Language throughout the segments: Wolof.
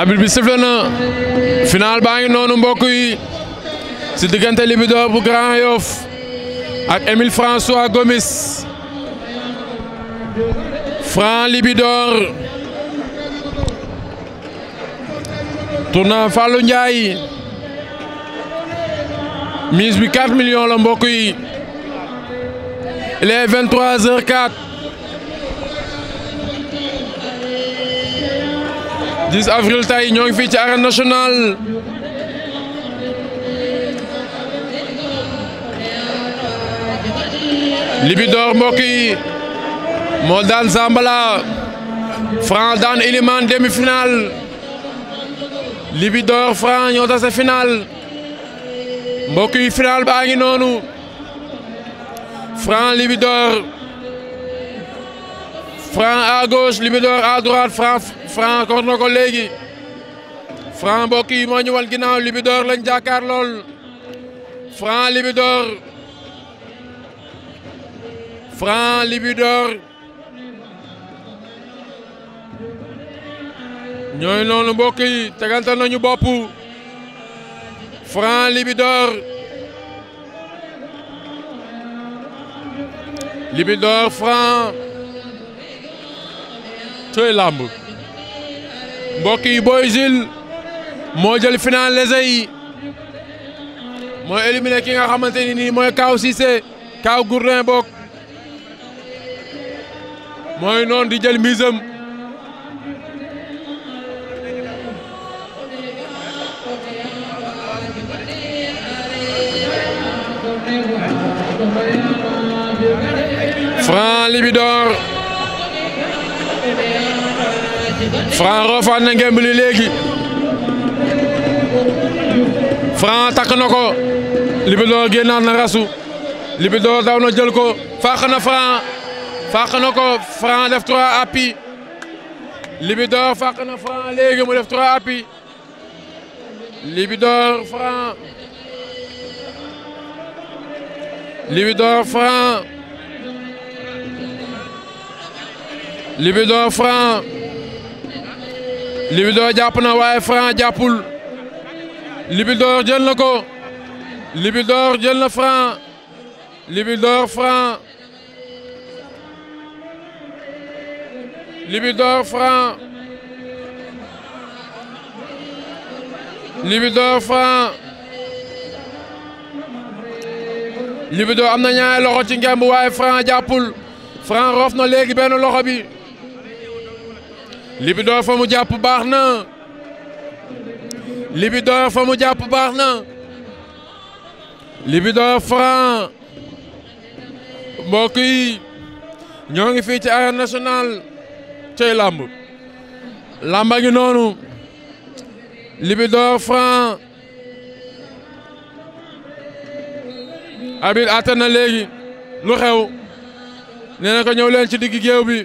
arbitre bi sifflé na baa ngi noonu mbokk yi si diggante Libidor bu Grand Yoff ak Émile François Gomis Franc Libidor tournant Fallou Ndiaye mise bi 4 millions la mbokk yi il 10 avril tay ñoo ngi fii ci arène nationale Libidor mbokk yi moo daan Zambala Franc daan Elimane demi-finale Libidor Franc ñoo tase finale mbokk yi finale baa ngi noonu Franc Libidor Franc à gauche Libidor à droite Franc Franc kor na ko léegi Franc mbokk ñu wan ginnaaw Libidor lañ jàkkaar lool Franc Libidor Franc Libidor ñooy noonu mbokk yi tegante nañu bopp Franc Libidor Libidor Franc cooy làmb mbokk yi Boy Jules moo jël final lese yi moo éliminé ki nga xamante ni nii mooy Kaaw Cissé Kaaw Gourdin bokk mooy noonu di jël misam Franc Libidor Franc rofaan na léegi Franc takk ko Libidor génnaat na rasu Libidor daw na jël ko fàq na Franc ko Franc def trois appuis Libidor fàq léegi mu def trois appuis Libidor Franc Libidor Libidor jàpp na waaye Franc jàppul Libidor jël na ko Libidor jël na Franc Libidor Franc Libidor Franc Libidor Franc Libidor am na ñaari loxo ci ngemb waaye Franc jàppul Franc roof na léegi benn loxo bi libi Libidor fa mu jàpp baax na Libidor fa mu jàpp baax na Libidor Franc mbokk yi ñoo ngi fii ci arène nationale cey làmb làmba ngi noonu Libidor Franc abit atte na léegi lu xew nee na ko ñëw leen ci digg géew bi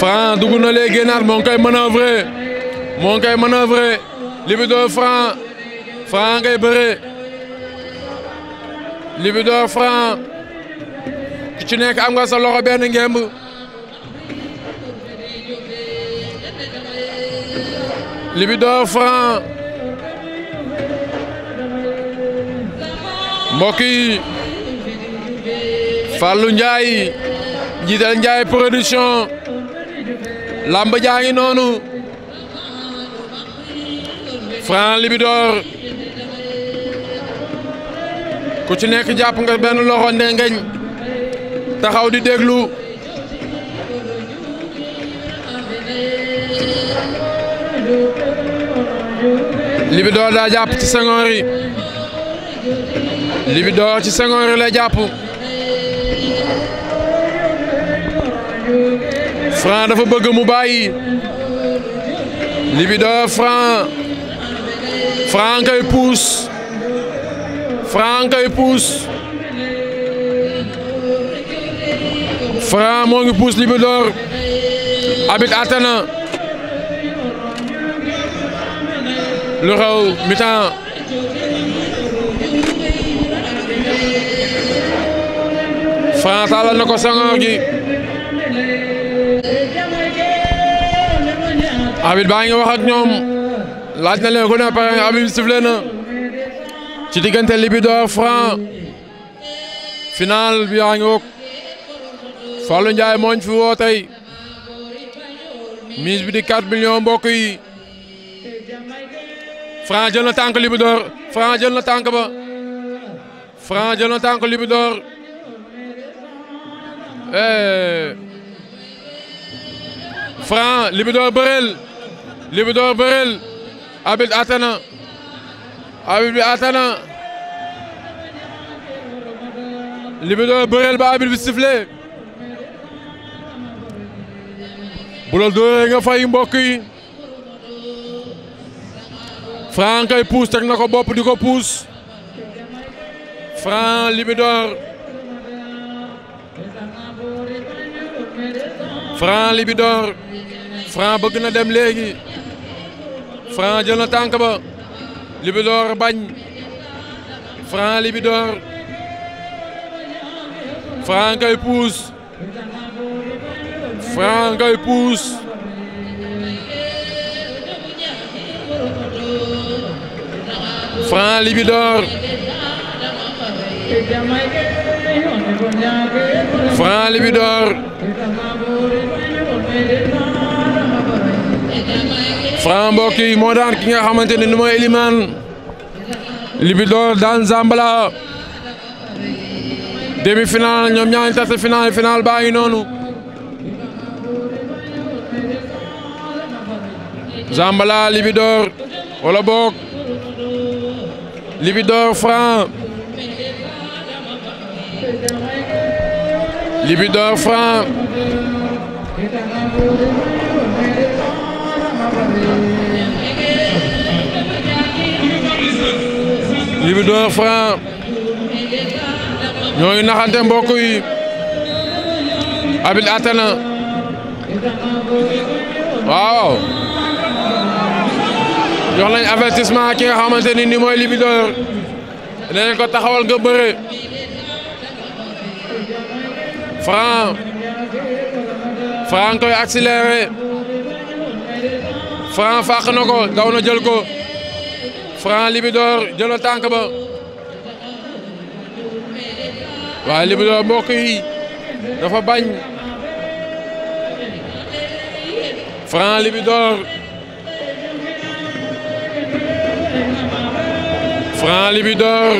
Franc dugg na léegi génnaat moo ngi koy manœuvrer moo ngi koy manœuvrer Libidor Franc Franc ngay bëre Libidor ci nekk am nga sa loxo benn ngemb Libidor Franc mbokk yi Fallou Ndiaye njiital Ndiaye production làmb jaa ngi noonu Franc Libidor ku ci nekk jàpp nga benn loxo ndengeñ taxaw di déglu Libidor daa jàpp ci sengoor yi Libidor ci sengoor yi la jàpp Franc dafa bëgg mu bàyyi Libidor Franc Franc kay puus Franc kay puus Franc moo ngi puus Libidor abit atana lu xew mi-temps Franc na ko sangoor gi abit baa ngi ak ñoom laaj na leen ku ne pare abit bi sifflé ci diggante Libidor Franc final bi yaa ngi wok Fallou mooñ fi woo tey bi di 4 millions mbokk yi jël na tànk Libidor Franc jël na tànk ba Franc jël na tànk Libidor eh. Franc Libidor bëreel Libidor bëreel abit atana abit bi atana Libidor bëreel ba abit bi sifflé bu la dóoree nga fay mbokk yi Franc kay puus teg na ko bopp di ko puus Franc Libidor Franc Libidor Franc bëgg na dem léegi Franc jël na tànk bañ Franc Libidor Franc ngay puus Franc ngay puus Franc Libidor Franc mbokk yi moo ki nga xamante ne nu mooy Elimane Libidor daan Zambala demi final ñoom ñaari tase final final baa ngi noonu Zambala Libidor wala boog Libidor Franc Libidor Franc li bi doon franc ñoo ngi naxante atana waaw jox nañ avertissement ki nga xamante ni ni mooy Libidor ko taxawal nga bëre Franc Franc koy Franc fàq na ko daw na jël ko Franc Libidor jëlal tànk ba waaye Libidor mbokk yi dafa bañ Franc Libidor Franc Libidor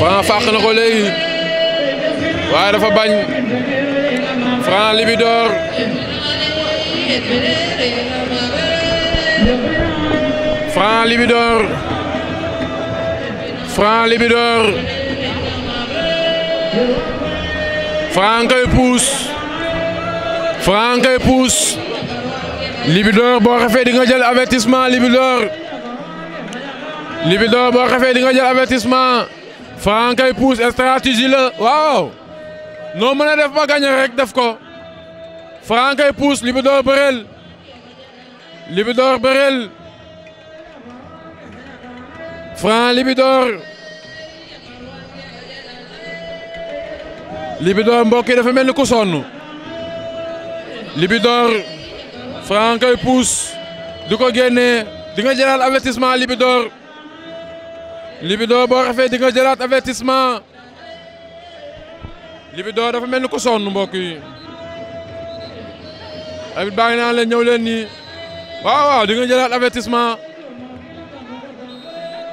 Franc fàq na ko léegi waaye dafa bañ Franc Libidor Franc Libidor Franc Libidor Franc koy puus Franc koy puus Libidor boo xefee di nga jël avertissement Libidor Libido boo xefee di nga jël avertissement Franc kay pousse stratégie la waaw noo mën a def ba rek def ko Franc kay pousse Libido bëreel Libidor bëreel Franc Libidor Libidor mbokk yi dafa mel ni ku sonn Libidor Franc kay pousse du ko génnee di nga jëlaat avertissement Libidor Libido boo xefee di nga jëlaat avertissement Libido dafa mel ni ku sonn mbokk yi abit baa ngi naan ñëw leen nii waaw waaw di nga jëlaat avertissement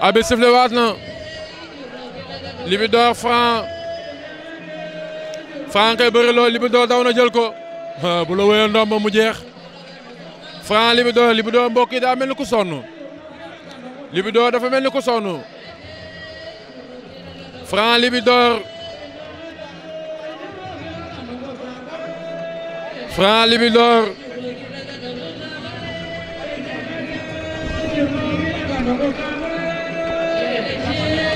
abit waat na Libido Franc Franc kay bëri lool daw na jël ko bu la wéyoon ndomba mu jeex Franc Libido Libido mbokk yi daa mel ni ku sonn Libido dafa mel ni ku sonn Franc Libidor Franc Libidor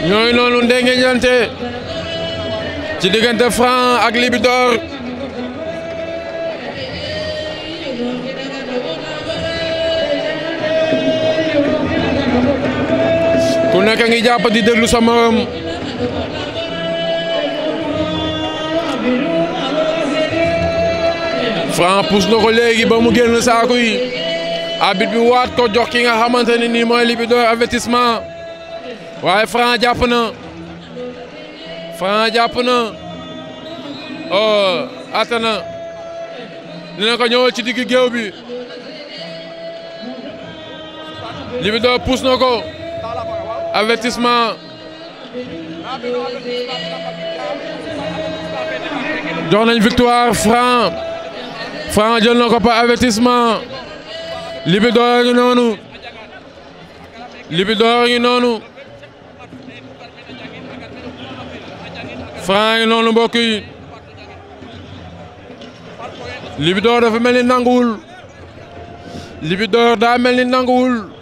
ñooy noonu ndengeñante ci diggante Franc ak Libidor ku nekk ngi jàpp di déglu sa morom Franc pousse ko léegi ba mu génn saaku yi abit bi waat ko jox nga xamante ne nii mooy Libido waaye Franc jàpp na Franc jàpp na oh atana dina ko ñëwal ci digg géew bi ko. avertissement jox nañ victoire Franc Franc jël na ko par avertissement Libidor ngi noonu Libidor ngi noonu Franc ngi noonu mbokk yi Libidor dafa mel ni nanguwul Libidor daa mel ni nanguwul